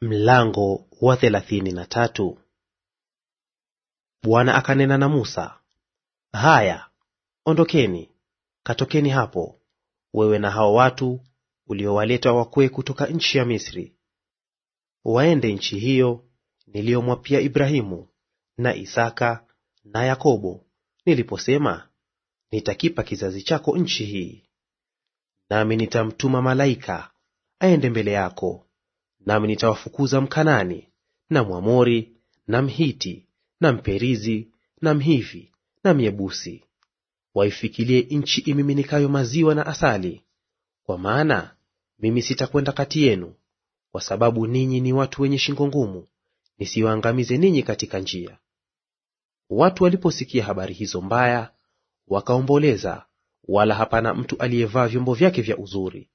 Mlango wa thelathini na tatu. Bwana akanena na Musa, haya, ondokeni, katokeni hapo, wewe na hao watu uliowaleta wakwe kutoka nchi ya Misri, waende nchi hiyo niliyomwapia Ibrahimu na Isaka na Yakobo, niliposema nitakipa kizazi chako nchi hii. Nami nitamtuma malaika aende mbele yako nami nitawafukuza Mkanani na Mwamori na Mhiti na Mperizi na Mhivi na Myebusi. waifikilie nchi imiminikayo maziwa na asali, kwa maana mimi sitakwenda kati yenu, kwa sababu ninyi ni watu wenye shingo ngumu, nisiwaangamize ninyi katika njia. Watu waliposikia habari hizo mbaya, wakaomboleza, wala hapana mtu aliyevaa vyombo vyake vya uzuri.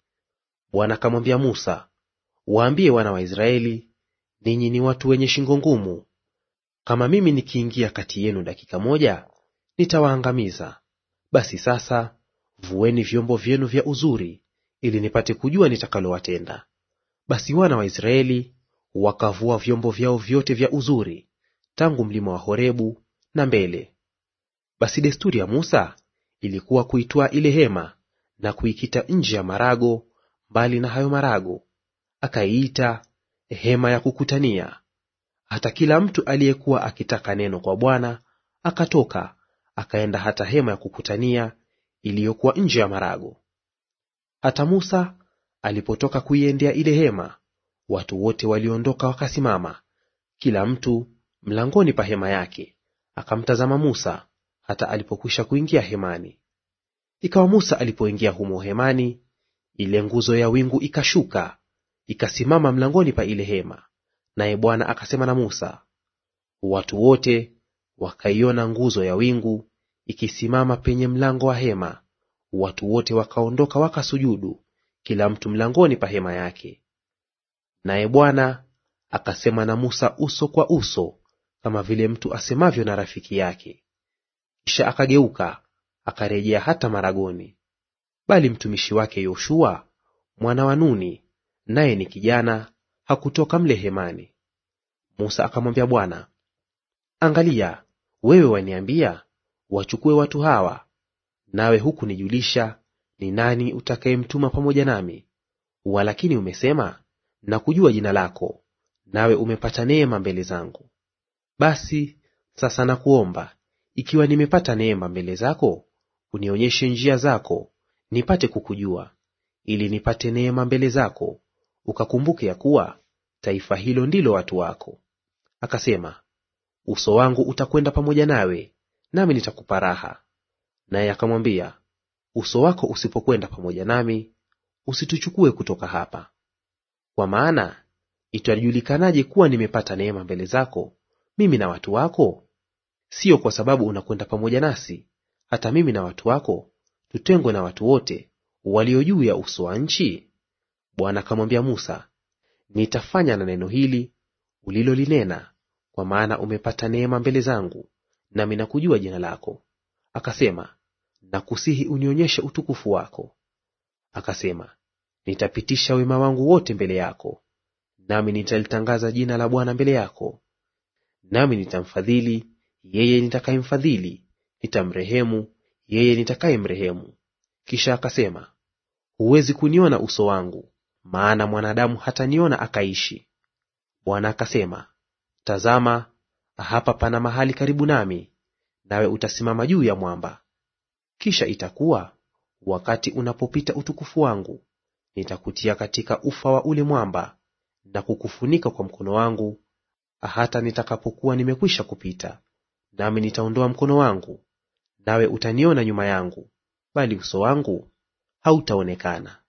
Bwana akamwambia Musa, Waambie wana wa Israeli, ninyi ni watu wenye shingo ngumu. Kama mimi nikiingia kati yenu dakika moja, nitawaangamiza. Basi sasa vueni vyombo vyenu vya uzuri, ili nipate kujua nitakalowatenda. Basi wana wa Israeli wakavua vyombo vyao vyote vya uzuri tangu mlima wa Horebu na mbele. Basi desturi ya Musa ilikuwa kuitwaa ile hema na kuikita nje ya marago, mbali na hayo marago akaiita hema ya kukutania, hata kila mtu aliyekuwa akitaka neno kwa Bwana akatoka akaenda hata hema ya kukutania iliyokuwa nje ya marago. Hata Musa alipotoka kuiendea ile hema, watu wote waliondoka wakasimama, kila mtu mlangoni pa hema yake, akamtazama Musa hata alipokwisha kuingia hemani. Ikawa Musa alipoingia humo hemani, ile nguzo ya wingu ikashuka ikasimama mlangoni pa ile hema, naye Bwana akasema na Musa. Watu wote wakaiona nguzo ya wingu ikisimama penye mlango wa hema, watu wote wakaondoka wakasujudu, kila mtu mlangoni pa hema yake. Naye Bwana akasema na Musa uso kwa uso, kama vile mtu asemavyo na rafiki yake. Kisha akageuka akarejea hata Maragoni. Bali mtumishi wake Yoshua mwana wa Nuni naye ni kijana, hakutoka mle hemani. Musa akamwambia Bwana, angalia, wewe waniambia wachukue watu hawa, nawe hukunijulisha ni nani utakayemtuma pamoja nami. Walakini umesema na kujua jina lako, nawe umepata neema mbele zangu. Basi sasa nakuomba, ikiwa nimepata neema mbele zako, unionyeshe njia zako, nipate kukujua, ili nipate neema mbele zako, ukakumbuke ya kuwa taifa hilo ndilo watu wako. Akasema, uso wangu utakwenda pamoja nawe, nami nitakupa raha. Naye akamwambia, uso wako usipokwenda pamoja nami, usituchukue kutoka hapa. Kwa maana itajulikanaje kuwa nimepata neema mbele zako, mimi na watu wako? Siyo kwa sababu unakwenda pamoja nasi, hata mimi na watu wako tutengwe na watu wote walio juu ya uso wa nchi? Bwana akamwambia Musa, nitafanya na neno hili ulilolinena, kwa maana umepata neema mbele zangu, nami nakujua jina lako. Akasema, nakusihi unionyeshe utukufu wako. Akasema, nitapitisha wema wangu wote mbele yako, nami nitalitangaza jina la Bwana mbele yako, nami nitamfadhili yeye nitakayemfadhili, nitamrehemu yeye nitakayemrehemu. Kisha akasema, huwezi kuniona uso wangu, maana mwanadamu hataniona akaishi. Bwana akasema, tazama, hapa pana mahali karibu nami, nawe utasimama juu ya mwamba. Kisha itakuwa wakati unapopita utukufu wangu, nitakutia katika ufa wa ule mwamba na kukufunika kwa mkono wangu, hata nitakapokuwa nimekwisha kupita. Nami nitaondoa mkono wangu, nawe utaniona nyuma yangu, bali uso wangu hautaonekana.